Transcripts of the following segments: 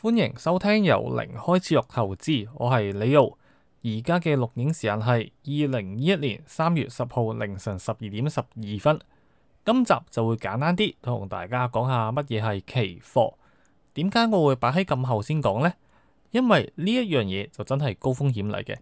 歡迎收聽由零開始學投資，我係李奧。而家嘅錄影時間係二零二一年三月十號凌晨十二點十二分。今集就會簡單啲同大家講下乜嘢係期貨。點解我會擺喺咁後先講呢？因為呢一樣嘢就真係高風險嚟嘅。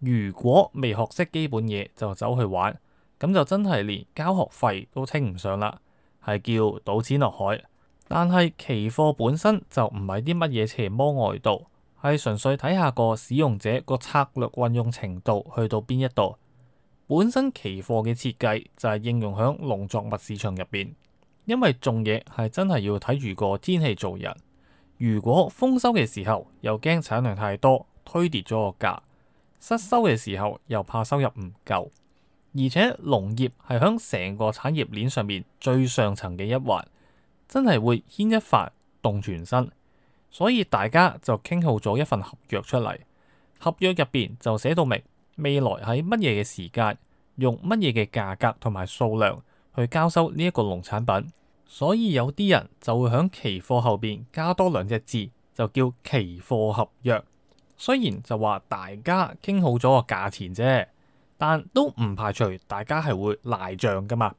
如果未學識基本嘢就走去玩，咁就真係連交學費都清唔上啦。係叫賭錢落海。但係期貨本身就唔係啲乜嘢邪魔外道，係純粹睇下個使用者個策略運用程度去到邊一度。本身期貨嘅設計就係應用響農作物市場入邊，因為種嘢係真係要睇住個天氣做人。如果豐收嘅時候又驚產量太多推跌咗個價，失收嘅時候又怕收入唔夠，而且農業係響成個產業鏈上面最上層嘅一環。真係會牽一髮動全身，所以大家就傾好咗一份合約出嚟。合約入邊就寫到明未來喺乜嘢嘅時間，用乜嘢嘅價格同埋數量去交收呢一個農產品。所以有啲人就會響期貨後邊加多兩隻字，就叫期貨合約。雖然就話大家傾好咗個價錢啫，但都唔排除大家係會賴賬噶嘛。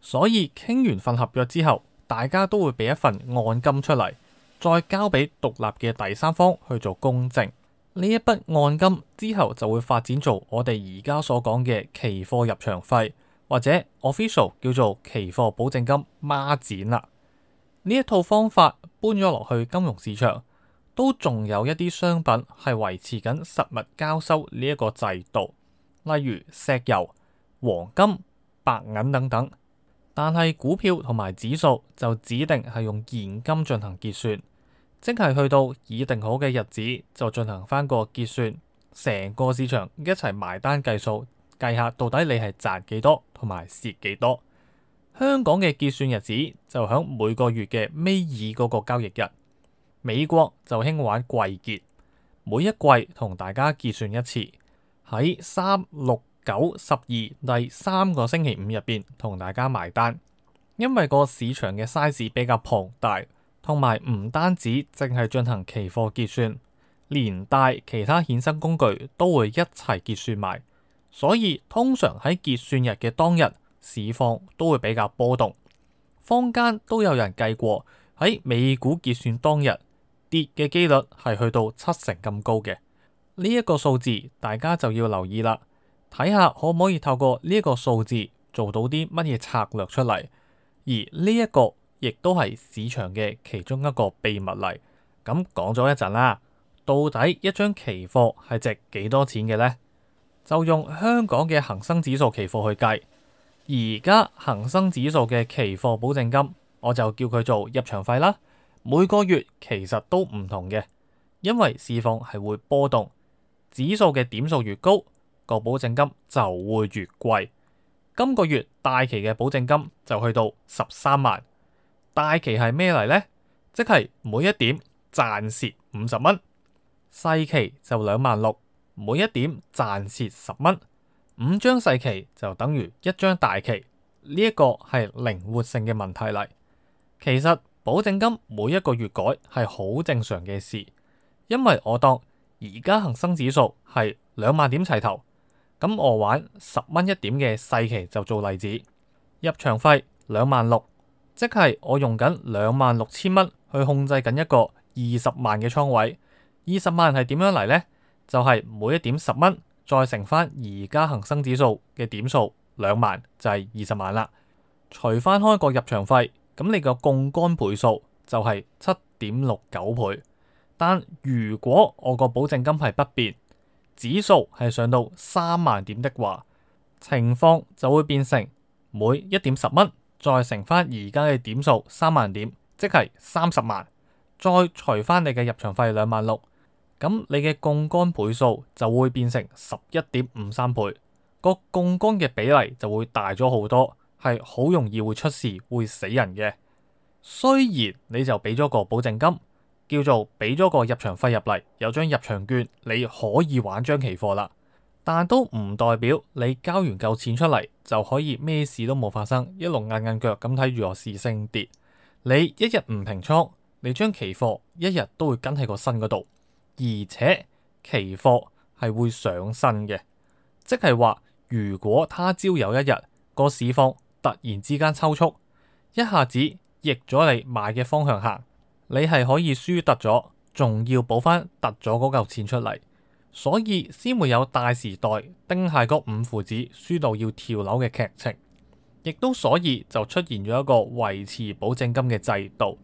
所以傾完份合約之後。大家都會俾一份按金出嚟，再交俾獨立嘅第三方去做公證。呢一筆按金之後就會發展做我哋而家所講嘅期貨入場費，或者 official 叫做期貨保證金孖展啦。呢一套方法搬咗落去金融市場，都仲有一啲商品係維持緊實物交收呢一個制度，例如石油、黃金、白銀等等。但係股票同埋指數就指定係用現金進行結算，即係去到已定好嘅日子就進行翻個結算，成個市場一齊埋單計數，計下到底你係賺幾多同埋蝕幾多。香港嘅結算日子就響每個月嘅尾二嗰個交易日，美國就興玩季結，每一季同大家結算一次，喺三六，九十二第三個星期五入面同大家埋單，因為個市場嘅 size 比較龐大，同埋唔單止淨係進行期貨結算，連帶其他衍生工具都會一齊結算埋，所以通常喺結算日嘅當日市況都會比較波動。坊間都有人計過喺美股結算當日跌嘅幾率係去到七成咁高嘅，呢、這、一個數字大家就要留意啦。睇下可唔可以透過呢一個數字做到啲乜嘢策略出嚟，而呢一個亦都係市場嘅其中一個秘密嚟。咁講咗一陣啦，到底一張期貨係值幾多錢嘅呢？就用香港嘅恒生指數期貨去計。而家恒生指數嘅期貨保證金，我就叫佢做入場費啦。每個月其實都唔同嘅，因為市況係會波動，指數嘅點數越高。個保證金就會越貴，今個月大期嘅保證金就去到十三萬，大期係咩嚟呢？即係每一點賺蝕五十蚊，細期就兩萬六，每一點賺蝕十蚊，五張細期就等於一張大期，呢、這、一個係靈活性嘅問題嚟。其實保證金每一個月改係好正常嘅事，因為我當而家恒生指數係兩萬點齊頭。咁我玩十蚊一點嘅細期就做例子，入場費兩萬六，即係我用緊兩萬六千蚊去控制緊一個二十萬嘅倉位。二十萬係點樣嚟呢？就係、是、每一點十蚊，再乘翻而家恒生指數嘅點數兩萬，20, 000，就係二十萬啦。除翻開個入場費，咁你個槓桿倍數就係七點六九倍。但如果我個保證金係不變，指數係上到三萬點的話，情況就會變成每一點十蚊，再乘翻而家嘅點數三萬點，即係三十萬，再除翻你嘅入場費兩萬六，咁你嘅槓桿倍數就會變成十一點五三倍，個槓桿嘅比例就會大咗好多，係好容易會出事會死人嘅。雖然你就俾咗個保證金。叫做俾咗個入場費入嚟，有張入場券，你可以玩張期貨啦。但都唔代表你交完夠錢出嚟就可以咩事都冇發生，一路硬硬腳咁睇如何市升跌。你一日唔平倉，你張期貨一日都會跟喺個身嗰度，而且期貨係會上身嘅，即係話如果他朝有一日個市況突然之間抽搐，一下子逆咗你買嘅方向行。你係可以輸突咗，仲要補翻突咗嗰嚿錢出嚟，所以先會有大時代丁蟹嗰五父子輸到要跳樓嘅劇情，亦都所以就出現咗一個維持保證金嘅制度。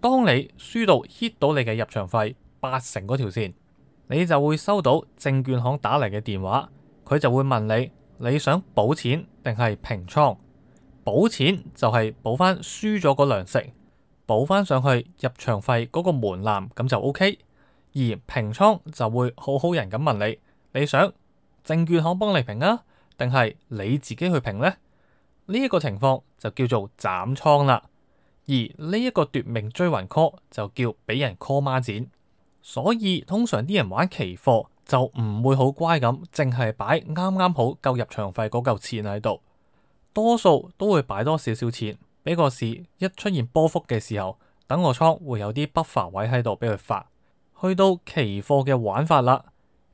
當你輸到 hit 到你嘅入場費八成嗰條線，你就會收到證券行打嚟嘅電話，佢就會問你你想補錢定係平倉？補錢就係補翻輸咗嗰兩成。」補翻上去入場費嗰個門檻，咁就 OK，而平倉就會好好人咁問你，你想證券行幫你平啊，定係你自己去平呢？」呢一個情況就叫做斬倉啦，而呢一個奪命追魂」call 就叫俾人 call 孖展。所以通常啲人玩期貨就唔會好乖咁，淨係擺啱啱好夠入場費嗰嚿錢喺度，多數都會擺多少少錢。俾個市一出現波幅嘅時候，等我倉會有啲 buffer 位喺度俾佢發，去到期貨嘅玩法啦，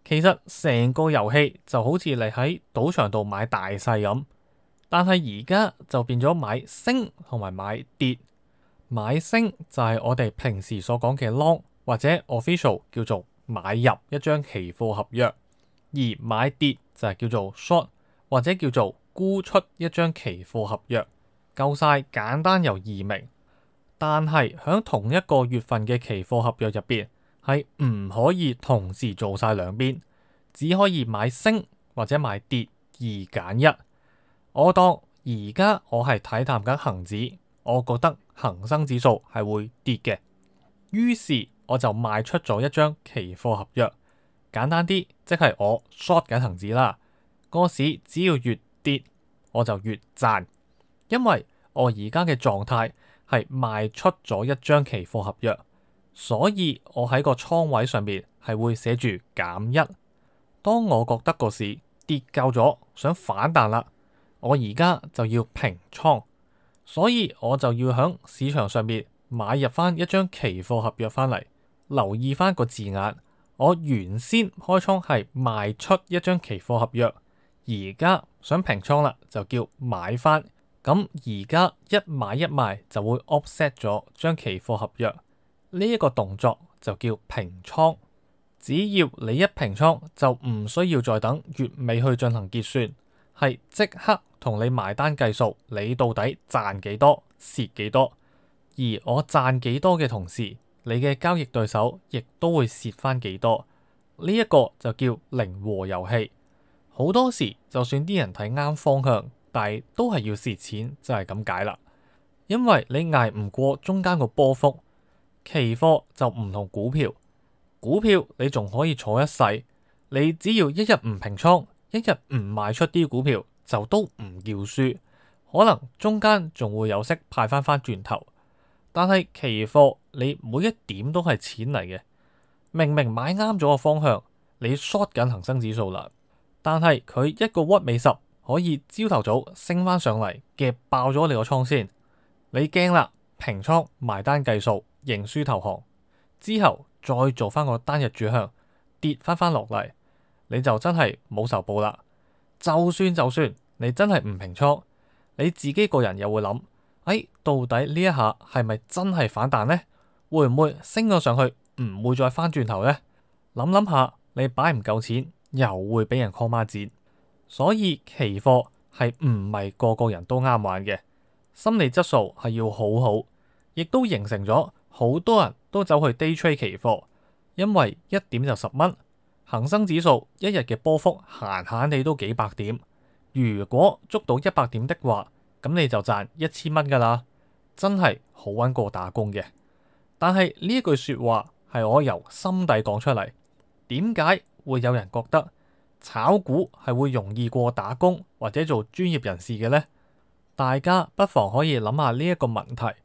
其實成個遊戲就好似你喺賭場度買大細咁，但係而家就變咗買升同埋買跌。買升就係我哋平時所講嘅 long 或者 official 叫做買入一張期貨合約，而買跌就係叫做 short 或者叫做沽出一張期貨合約。夠晒簡單又易明，但係喺同一個月份嘅期貨合約入邊係唔可以同時做晒兩邊，只可以買升或者買跌，二揀一。我當而家我係睇淡緊恒指，我覺得恒生指數係會跌嘅，於是我就賣出咗一張期貨合約，簡單啲即係我 short 緊恒指啦。個市只要越跌我就越賺，因為，我而家嘅狀態係賣出咗一張期貨合約，所以我喺個倉位上面係會寫住減一。當我覺得個市跌夠咗，想反彈啦，我而家就要平倉，所以我就要響市場上面買入翻一張期貨合約翻嚟，留意翻個字眼。我原先開倉係賣出一張期貨合約，而家想平倉啦，就叫買翻。咁而家一買一賣就會 offset 咗，將期貨合約呢一個動作就叫平倉。只要你一平倉，就唔需要再等月尾去進行結算，係即刻同你埋單計數。你到底賺幾多，蝕幾多？而我賺幾多嘅同時，你嘅交易對手亦都會蝕翻幾多。呢一個就叫零和遊戲。好多時就算啲人睇啱方向，但都係要蝕錢就係咁解啦，因為你挨唔過中間個波幅，期貨就唔同股票，股票你仲可以坐一世，你只要一日唔平倉，一日唔賣出啲股票就都唔叫輸，可能中間仲會有息派翻翻轉頭。但係期貨你每一點都係錢嚟嘅，明明買啱咗個方向，你 short 緊恒生指數啦，但係佢一個屈尾十。可以朝頭早上升翻上嚟夾爆咗你個倉先，你驚啦平倉埋單計數認輸投降之後再做翻個單日主向跌翻翻落嚟，你就真係冇仇報啦。就算就算你真係唔平倉，你自己個人又會諗：哎，到底呢一下係咪真係反彈呢？會唔會升咗上去唔會再翻轉頭呢？諗諗下，你擺唔夠錢又會俾人 call 孖展。所以期貨係唔係個個人都啱玩嘅，心理質素係要好好，亦都形成咗好多人都走去 day trade 期貨，因為一點就十蚊，恒生指數一日嘅波幅閒閒地都幾百點，如果捉到一百點的話，咁你就賺一千蚊噶啦，真係好搵過打工嘅。但係呢一句說話係我由心底講出嚟，點解會有人覺得？炒股係會容易過打工或者做專業人士嘅呢？大家不妨可以諗下呢一個問題。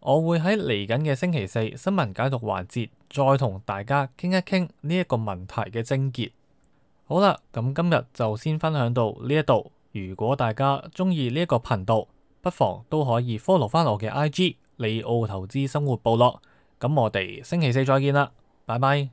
我會喺嚟緊嘅星期四新聞解讀環節再同大家傾一傾呢一個問題嘅症結。好啦，咁今日就先分享到呢一度。如果大家中意呢一個頻道，不妨都可以 follow 翻我嘅 IG 利奧投資生活部落。咁我哋星期四再見啦，拜拜。